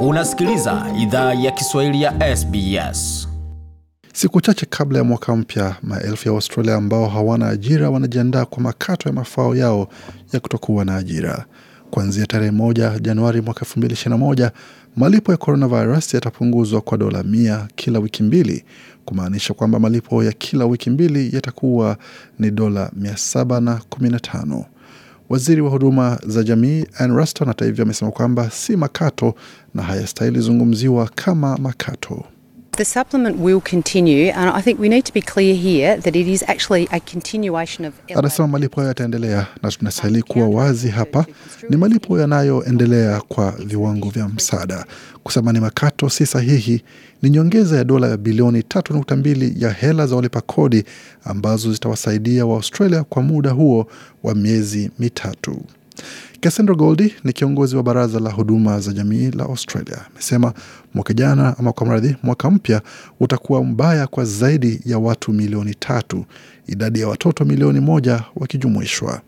Unasikiliza idhaa ya Kiswahili ya SBS. Siku chache kabla ya mwaka mpya, maelfu ya Australia ambao hawana ajira wanajiandaa kwa makato ya mafao yao ya kutokuwa na ajira. Kuanzia tarehe moja Januari mwaka elfu mbili na moja, malipo ya coronavirus yatapunguzwa kwa dola mia kila wiki mbili, kumaanisha kwamba malipo ya kila wiki mbili yatakuwa ni dola mia kumi na tano. Waziri wa huduma za jamii Ann Ruston hata hivyo amesema kwamba si makato na hayastahili zungumziwa kama makato. The supplement will continue and I think we need to be clear here that it is actually a continuation of. Anasema malipo hayo yataendelea na tunastahili kuwa wazi hapa, ni malipo yanayoendelea kwa viwango vya msaada. Kusema ni makato si sahihi, ni nyongeza ya dola ya bilioni 3.2 ya hela za walipa kodi ambazo zitawasaidia Waaustralia kwa muda huo wa miezi mitatu. Cassandra Goldie ni kiongozi wa baraza la huduma za jamii la Australia, amesema mwaka jana ama kwa mradhi, mwaka mpya utakuwa mbaya kwa zaidi ya watu milioni tatu, idadi ya watoto milioni moja wakijumuishwa.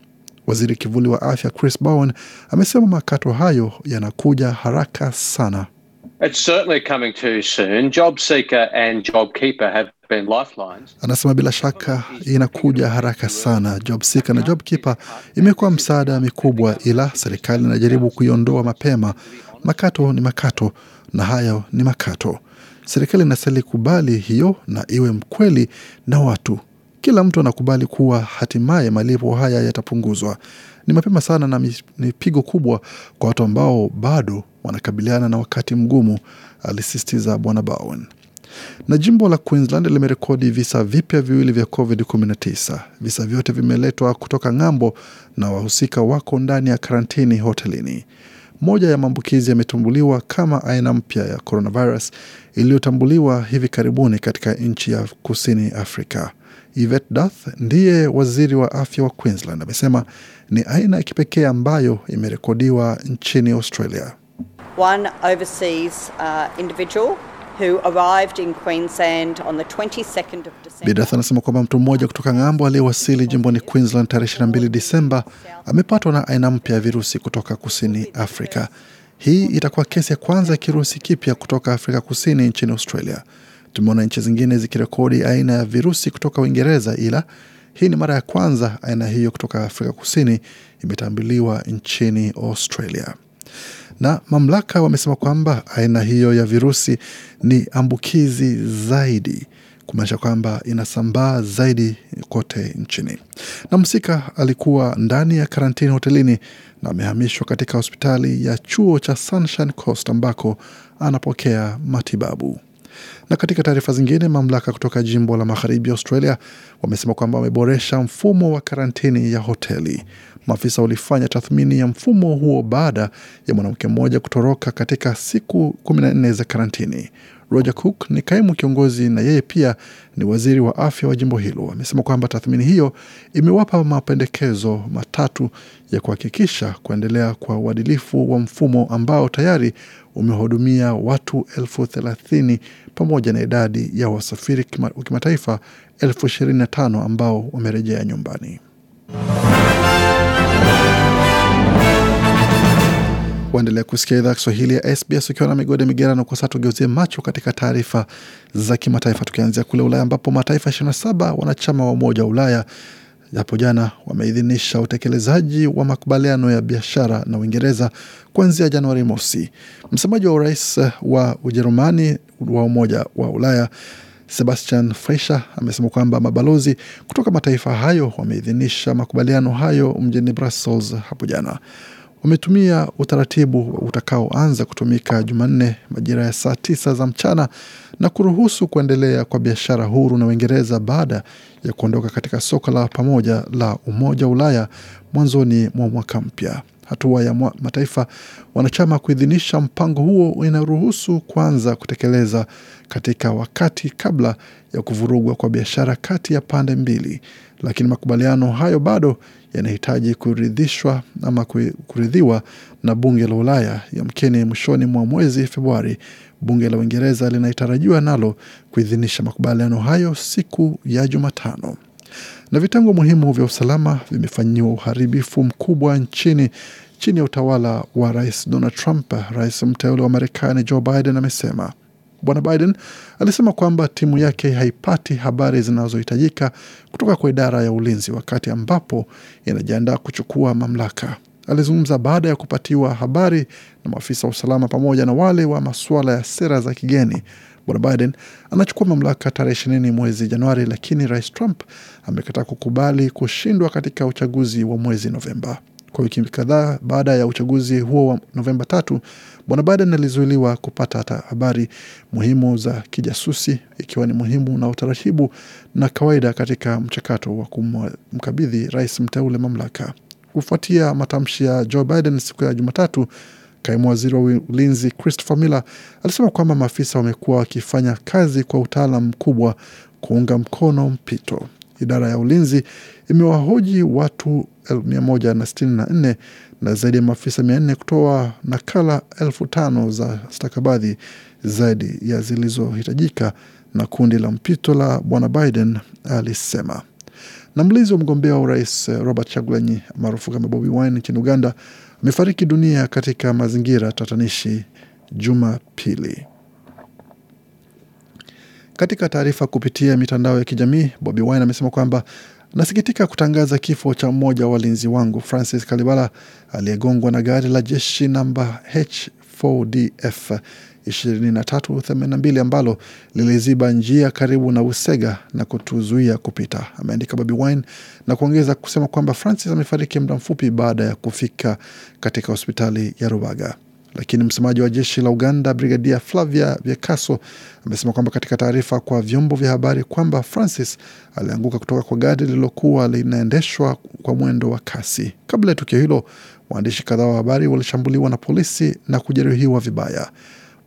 Waziri kivuli wa afya Chris Bowen amesema makato hayo yanakuja haraka sana. It's certainly coming too soon. and have Anasema bila shaka inakuja haraka sana. Job Seeker na Job Keeper imekuwa msaada mikubwa, ila serikali inajaribu kuiondoa mapema. Makato ni makato na hayo ni makato. Serikali inastahili kubali hiyo na iwe mkweli na watu. Kila mtu anakubali kuwa hatimaye malipo haya yatapunguzwa. Ni mapema sana na ni pigo kubwa kwa watu ambao bado wanakabiliana na wakati mgumu, alisisitiza Bwana Bowen. Na jimbo la Queensland limerekodi visa vipya viwili vya COVID-19. Visa vyote vimeletwa kutoka ng'ambo na wahusika wako ndani ya karantini hotelini. Moja ya maambukizi yametambuliwa kama aina mpya ya coronavirus iliyotambuliwa hivi karibuni katika nchi ya kusini Afrika. Yvette Dath ndiye waziri wa afya wa Queensland amesema ni aina ya kipekee ambayo imerekodiwa nchini Australia. One overseas, uh, individual Bidath anasema kwamba mtu mmoja kutoka ng'ambo aliyewasili jimboni Queensland tarehe 22 Disemba amepatwa na aina mpya ya virusi kutoka kusini Afrika. Hii itakuwa kesi ya kwanza ya kirusi kipya kutoka Afrika Kusini nchini Australia. Tumeona nchi zingine zikirekodi aina ya virusi kutoka Uingereza, ila hii ni mara ya kwanza aina hiyo kutoka Afrika Kusini imetambuliwa nchini Australia na mamlaka wamesema kwamba aina hiyo ya virusi ni ambukizi zaidi kumaanisha kwamba inasambaa zaidi kote nchini. Na msika alikuwa ndani ya karantini hotelini na amehamishwa katika hospitali ya chuo cha Sunshine Coast ambako anapokea matibabu. Na katika taarifa zingine, mamlaka kutoka jimbo la magharibi Australia wamesema kwamba wameboresha mfumo wa karantini ya hoteli. Maafisa walifanya tathmini ya mfumo huo baada ya mwanamke mmoja kutoroka katika siku 14 za karantini. Roger Cook ni kaimu kiongozi na yeye pia ni waziri wa afya wa jimbo hilo, amesema kwamba tathmini hiyo imewapa mapendekezo matatu ya kuhakikisha kuendelea kwa uadilifu wa mfumo ambao tayari umewahudumia watu elfu thelathini pamoja na idadi ya wasafiri wa kimataifa elfu ishirini na tano ambao wamerejea nyumbani. Waendelea kusikia idhaa Kiswahili ya SBS ukiwa na migode migerano. Kwa sasa tugeuzie macho katika taarifa za kimataifa, tukianzia kule Ulaya ambapo mataifa 27 wanachama wa Umoja wa Ulaya hapo jana wameidhinisha utekelezaji wa makubaliano ya biashara na Uingereza kuanzia Januari mosi. Msemaji wa urais wa Ujerumani wa Umoja wa Ulaya Sebastian Fischer amesema kwamba mabalozi kutoka mataifa hayo wameidhinisha makubaliano hayo mjini Brussels hapo jana wametumia utaratibu utakaoanza kutumika Jumanne majira ya saa tisa za mchana na kuruhusu kuendelea kwa biashara huru na Uingereza baada ya kuondoka katika soko la pamoja la Umoja wa Ulaya mwanzoni mwa mwaka mpya hatua ya mataifa wanachama kuidhinisha mpango huo inaruhusu kuanza kutekeleza katika wakati kabla ya kuvurugwa kwa biashara kati ya pande mbili, lakini makubaliano hayo bado yanahitaji kuridhishwa ama kuridhiwa na bunge la Ulaya yamkini mwishoni mwa mwezi Februari. Bunge la Uingereza linatarajiwa nalo kuidhinisha makubaliano hayo siku ya Jumatano na vitengo muhimu vya usalama vimefanyiwa uharibifu mkubwa nchini chini ya utawala wa Rais Donald Trump. Rais mteule wa Marekani Joe Biden amesema Bwana Biden alisema kwamba timu yake haipati habari zinazohitajika kutoka kwa idara ya ulinzi wakati ambapo inajiandaa kuchukua mamlaka. Alizungumza baada ya kupatiwa habari na maafisa wa usalama pamoja na wale wa masuala ya sera za kigeni Bwana Biden anachukua mamlaka tarehe ishirini mwezi Januari, lakini Rais Trump amekataa kukubali kushindwa katika uchaguzi wa mwezi Novemba. Kwa wiki kadhaa baada ya uchaguzi huo wa Novemba tatu, bwana Biden alizuiliwa kupata hata habari muhimu za kijasusi, ikiwa ni muhimu na utaratibu na kawaida katika mchakato wa kumkabidhi rais mteule mamlaka, kufuatia matamshi ya Joe Biden siku ya Jumatatu. Kaimu waziri wa ulinzi Christopher Miller alisema kwamba maafisa wamekuwa wakifanya kazi kwa utaalam mkubwa kuunga mkono mpito. Idara ya ulinzi imewahoji watu 164 na zaidi ya maafisa 400 kutoa nakala elfu tano za stakabadhi zaidi ya zilizohitajika na kundi la mpito la bwana Biden, alisema. Na mlinzi wa mgombea wa urais Robert Chagulanyi maarufu kama Bobi Wine nchini Uganda amefariki dunia katika mazingira tatanishi Jumapili. Katika taarifa kupitia mitandao ya kijamii, Bobi Wine amesema kwamba nasikitika kutangaza kifo cha mmoja wa walinzi wangu Francis Kalibala aliyegongwa na gari la jeshi namba H4DF 2382 ambalo liliziba njia karibu na Usega na kutuzuia kupita, ameandika Bobi Wine na kuongeza kusema kwamba Francis amefariki muda mfupi baada ya kufika katika hospitali ya Rubaga. Lakini msemaji wa jeshi la Uganda, Brigadia Flavia Vyekaso, amesema kwamba katika taarifa kwa vyombo vya habari kwamba Francis alianguka kutoka kwa gari lililokuwa linaendeshwa kwa mwendo wa kasi. Kabla ya tukio hilo, waandishi kadhaa wa habari walishambuliwa na polisi na kujeruhiwa vibaya.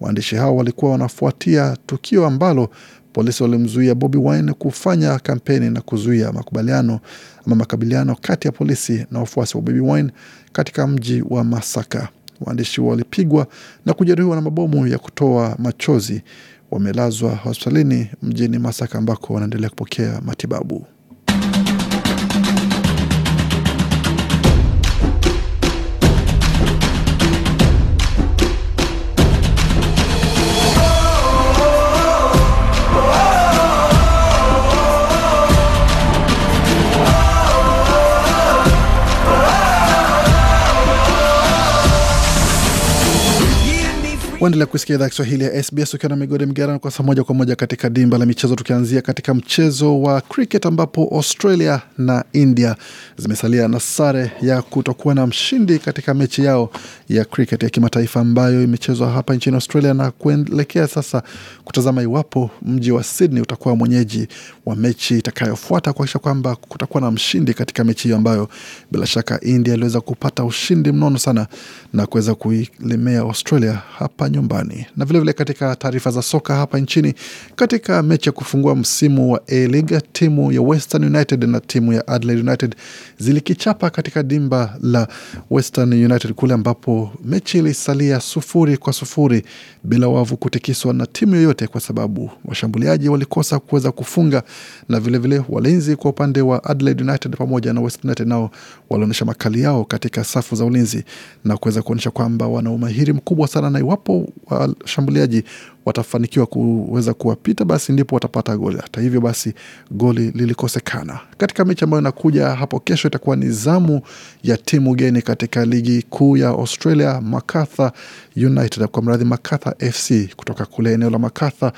Waandishi hao walikuwa wanafuatia tukio ambalo polisi walimzuia Bobi Wine kufanya kampeni na kuzuia makubaliano ama makabiliano kati ya polisi na wafuasi wa Bobi Wine katika mji wa Masaka. Waandishi walipigwa na kujeruhiwa na mabomu ya kutoa machozi, wamelazwa hospitalini mjini Masaka ambako wanaendelea kupokea matibabu. Waendelea kusikia idhaa Kiswahili ya SBS ukiwa na migode migarano kwa saa moja kwa moja katika dimba la michezo, tukianzia katika mchezo wa cricket ambapo Australia na India zimesalia na sare ya kutokuwa na mshindi katika mechi yao ya cricket ya kimataifa ambayo imechezwa hapa nchini Australia na kuelekea sasa kutazama iwapo mji wa Sydney utakuwa mwenyeji wa mechi itakayofuata kuakisha kwamba kutakuwa na mshindi katika mechi hiyo ambayo bila shaka India iliweza kupata ushindi mnono sana na kuweza kuilemea Australia hapa nyumbani. Na vilevile vile katika taarifa za soka hapa nchini, katika mechi ya kufungua msimu wa A-League, timu ya Western United na timu ya Adelaide United zilikichapa katika dimba la Western United kule ambapo mechi ilisalia sufuri kwa sufuri bila wavu kutikiswa na timu yoyote, kwa sababu washambuliaji walikosa kuweza kufunga, na vilevile vile walinzi kwa upande wa Adelaide United pamoja na Western United nao walionyesha makali yao katika safu za ulinzi na kuweza kuonyesha kwamba wana umahiri mkubwa sana, na iwapo washambuliaji watafanikiwa kuweza kuwapita, basi ndipo watapata goli. Hata hivyo basi, goli lilikosekana katika mechi ambayo inakuja hapo kesho. Itakuwa ni zamu ya timu geni katika ligi kuu ya Australia, Macarthur United kwa mradhi, Macarthur FC kutoka kule eneo la Macarthur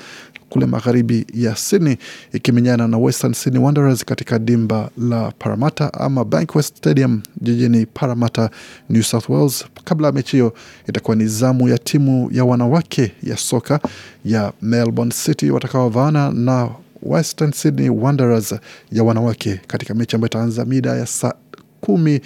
kule magharibi ya Sydney ikimenyana na Western Sydney Wanderers katika dimba la Parramatta ama Bankwest Stadium jijini Parramatta, New South Wales. Kabla ya mechi hiyo, itakuwa ni zamu ya timu ya wanawake ya soka ya Melbourne City watakaovaana na Western Sydney Wanderers ya wanawake katika mechi ambayo itaanza mida ya saa kumi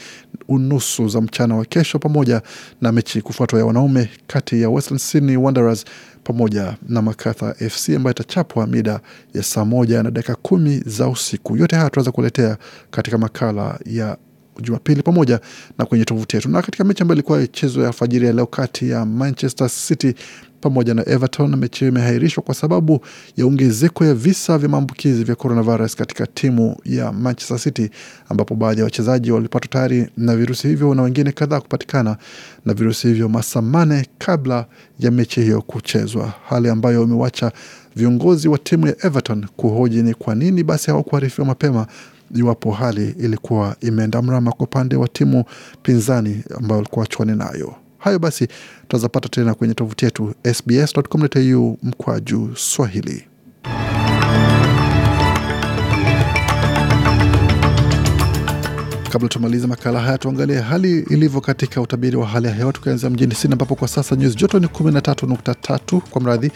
unusu za mchana wa kesho, pamoja na mechi kufuatwa ya wanaume kati ya Western Sydney Wanderers pamoja na Makatha FC ambayo itachapwa mida ya saa moja na dakika kumi za usiku. Yote haya tunaweza kuletea katika makala ya Jumapili pamoja na kwenye tovuti yetu. Na katika mechi ambayo ilikuwa chezo ya fajiri ya leo kati ya Manchester City pamoja na Everton mechi hiyo imeahirishwa kwa sababu ya ongezeko ya visa vya maambukizi vya coronavirus katika timu ya Manchester City, ambapo baadhi ya wachezaji walipatwa tayari na virusi hivyo na wengine kadhaa kupatikana na virusi hivyo masaa mane kabla ya mechi hiyo kuchezwa, hali ambayo imewacha viongozi wa timu ya Everton kuhoji ni kwa nini basi hawakuarifiwa mapema iwapo hali ilikuwa imeenda mrama kwa upande wa timu pinzani ambayo walikuwa chwani nayo. Hayo basi tazapata tena kwenye tovuti yetu sbs.com.au mkwaju Swahili. Kabla tumalize makala haya, tuangalie hali ilivyo katika utabiri wa hali ya hewa, tukianzia mjini Sydney ambapo kwa sasa nyuzi joto ni 13.3 kwa mradhi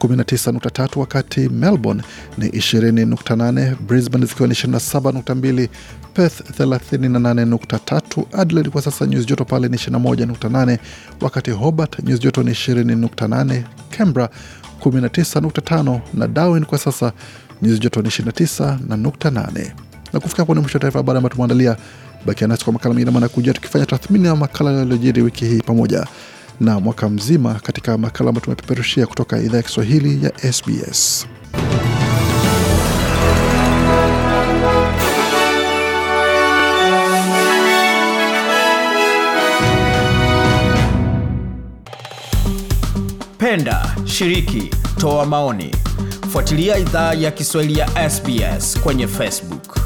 19.3, wakati Melbourne ni 20.8, Brisbane zikiwa ni 27.2, Perth 38.3, Adelaide kwa sasa nyuzi joto pale ni 21.8, wakati Hobart nyuzi joto ni 20.8, Canberra 19.5 na Darwin kwa sasa nyuzi joto ni 29.8 na kufika hapo ni mwisho wa taarifa habari ambayo tumeandalia. Bakia nasi kwa makala mengine manakuja, tukifanya tathmini ya makala yaliyojiri wiki hii pamoja na mwaka mzima katika makala ambayo tumepeperushia kutoka idhaa ya Kiswahili ya SBS. Penda, shiriki, toa maoni. Fuatilia idhaa ya Kiswahili ya SBS kwenye Facebook.